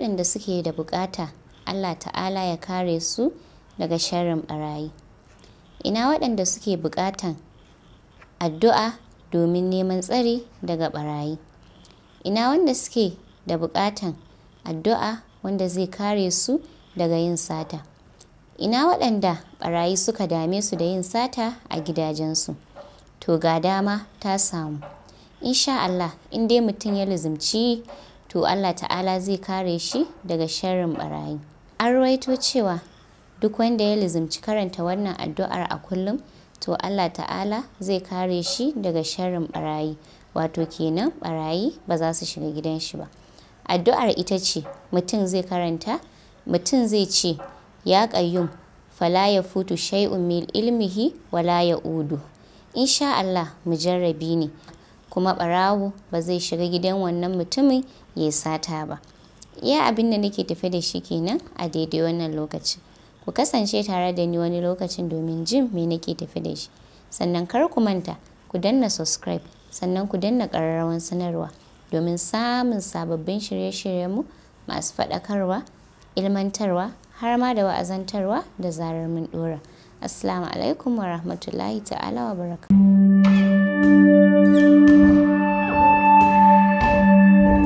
waɗanda suke da bukata Allah ta'ala ya kare su daga sharrin barayi. Ina waɗanda suke bukatan addu'a domin neman tsari daga barayi. Ina wanda suke da buƙatan addu'a wanda zai kare su daga yin sata. Ina waɗanda barayi suka dame su da yin sata a gidajensu. To ga dama ta samu. Insha Allah, in dai mutum ya lizimci to Allah ta'ala zai kare shi daga sharrin barayi an ruwaito cewa duk wanda ya lizimci karanta wannan addu'ar a kullum to Allah ta'ala zai kare shi daga sharrin barayi wato kenan barayi ba za su shiga gidan shi ba addu'ar ita ce mutum zai karanta mutum zai ce ya kayyum fala ya futu shay'un min ilmihi wala ya udu insha Allah mujarrabi ne kuma ɓarawo ba zai shiga gidan wannan mutumin ya sata ba iya abin da nake tafe da shi kenan a daidai wannan lokaci ku kasance tare da ni wani lokacin domin jin me nake tafe da shi sannan kar ku manta ku danna subscribe sannan ku danna ƙararrawan sanarwa domin samun sababbin shirye-shiryenmu masu faɗakarwa ilmantarwa har ma da wa'azantarwa da zarar mun ɗora assalamu alaikum wa rahmatullahi ta'ala wa baraka Música